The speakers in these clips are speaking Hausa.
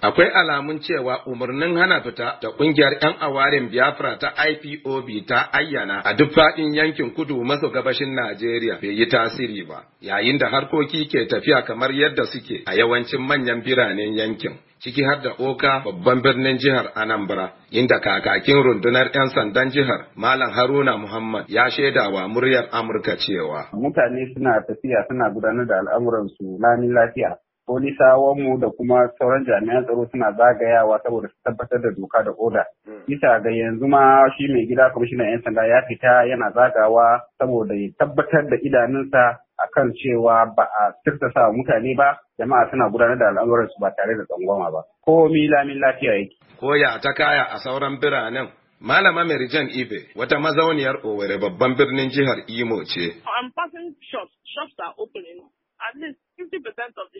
Akwai alamun cewa umarnin hana fita da kungiyar 'yan awarin Biafra ta IPOB ta ayyana a duk faɗin yankin kudu maso gabashin Najeriya bai yi tasiri ba, yayin da harkoki ke tafiya kamar yadda suke a yawancin manyan biranen yankin. ciki har da Oka babban birnin jihar Anambra, inda kakakin rundunar 'yan sandan jihar Malam Haruna Muhammad ya shaida wa muryar Amurka cewa. Mutane suna tafiya suna gudanar da al'amuransu lami lafiya. mu da kuma sauran jami'an tsaro suna zagayawa saboda su tabbatar da doka da oda. Hmm. Bisa ga yanzu ma shi mai gida kwamishinan 'yan sanda ya fita yana zagawa saboda ya tabbatar da idanunsa a kan cewa ba a sa mutane ba jama'a suna gudanar da al'amuransu ba tare da tsangwama ba. Ko lamin lafiya yake. Ko ya ta kaya a sauran biranen. Malama Merijan Ibe wata mazauniyar Owerri babban birnin jihar Imo ce. passing shops, shops are opening. At least 50% of the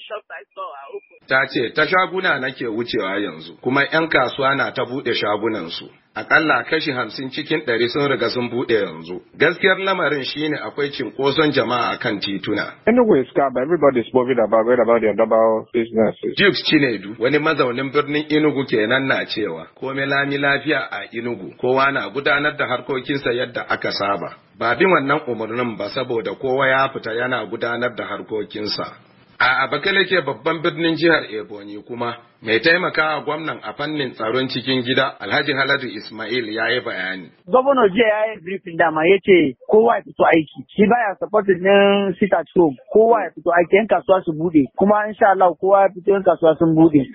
Ta ce, ta shaguna nake wucewa yanzu, kuma 'yan kasuwa na ta buɗe shagunansu. Akalla kashi hamsin cikin ɗari sun riga sun buɗe yanzu. Gaskiyar lamarin shine akwai cinkoson jama'a a kan tituna. Anyway, Scab, worried about worried about their double businesses. Jukes Chinedu, wani mazaunin birnin ke kenan na cewa, komai lami lafiya a inugu. kowa na gudanar da harkokinsa yadda aka saba. Ba bin wannan umarnin ba saboda kowa ya fita yana gudanar da harkokinsa. A ke babban birnin jihar Ebonyi kuma mai taimakawa gwamnan a fannin tsaron cikin gida Alhaji Haladu Ismail ya yi bayani. Gwamnan jiya ya yi briefing dama ya ce kowa ya fito aiki. Shi baya supporting din sit at Kowa ya fito aiki yan kasuwa su bude. Kuma insha Allah kowa ya fito yan kasuwa sun bude.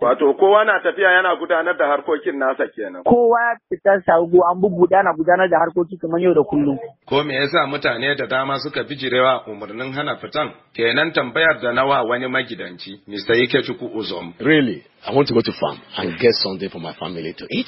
Wato kowa na tafiya yana gudanar da harkokin nasa kenan. Kowa ya fita sago an bubuɗe ana gudanar da harkoki kamar yau da kullum. ko me yasa mutane da dama suka bijirewa umarnin hana fitan kenan tambayar da nawa wani magidanci Mr. Ikechukwu Uzom really I want to go to farm and get something for my family to eat.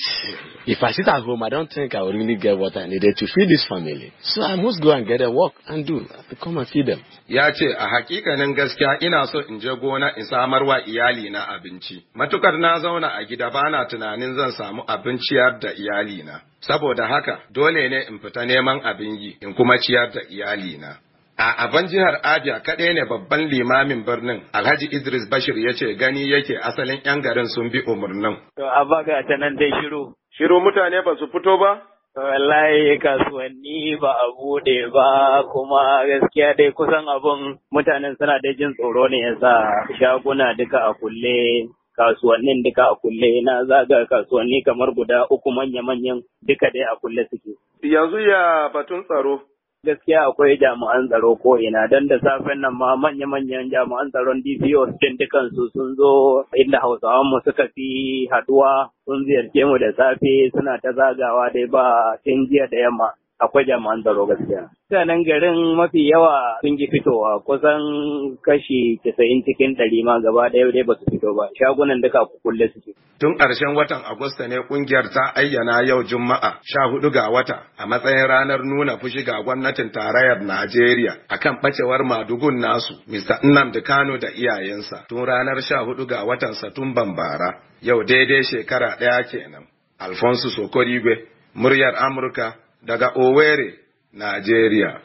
If I sit at home, I don't think I will really get what I needed to feed this family. So I must go and get a work and do. to come and feed them. Ya ce a hakikanin gaskiya ina so in je gona in samar wa iyali na abinci. Matukar na zauna a gida bana tunanin zan samu abinci yar da iyali na. Saboda haka dole ne in fita neman abin yi in kuma ciyar da iyalina. A abin jihar Abia kaɗai ne babban limamin birnin Alhaji Idris Bashir ya ce gani yake asalin 'yan garin sun bi umarnin. To a ga ta nan dai shiru. Shiru mutane ba su fito ba? Wallahi kasuwanni ba a bude ba kuma gaskiya dai kusan abun mutanen suna da jin tsoro ne ya yasa shaguna duka a kulle kasuwannin duka a kulle na zaga kasuwanni kamar guda uku manya-manyan duka dai a kulle suke. Yanzu ya batun tsaro. Gaskiya akwai jami'an tsaro ko ina don da safen nan ma manya-manyan jami'an tsaron DPO din dukansu sun zo inda Hausawan mu suka fi haduwa sun ziyarce mu da safe suna ta zagawa dai ba tun jiya da yamma. akwai jami'an tsaro gaskiya. Mutanen garin mafi yawa sun ji fitowa kusan kashi casa'in cikin ɗari ma gaba ɗaya dai ba su fito ba shagunan duka kulle suke. Tun ƙarshen watan Agusta ne ƙungiyar ta ayyana yau Juma'a sha hudu ga wata a matsayin ranar nuna fushi ga gwamnatin tarayyar Najeriya akan ɓacewar madugun nasu Mr. Nnamdi Kano da iyayensa tun ranar sha hudu ga watan Satumban bara yau daidai shekara ɗaya kenan. Alfonso Sokorigwe, muryar Amurka, daga Owerri, Najeriya.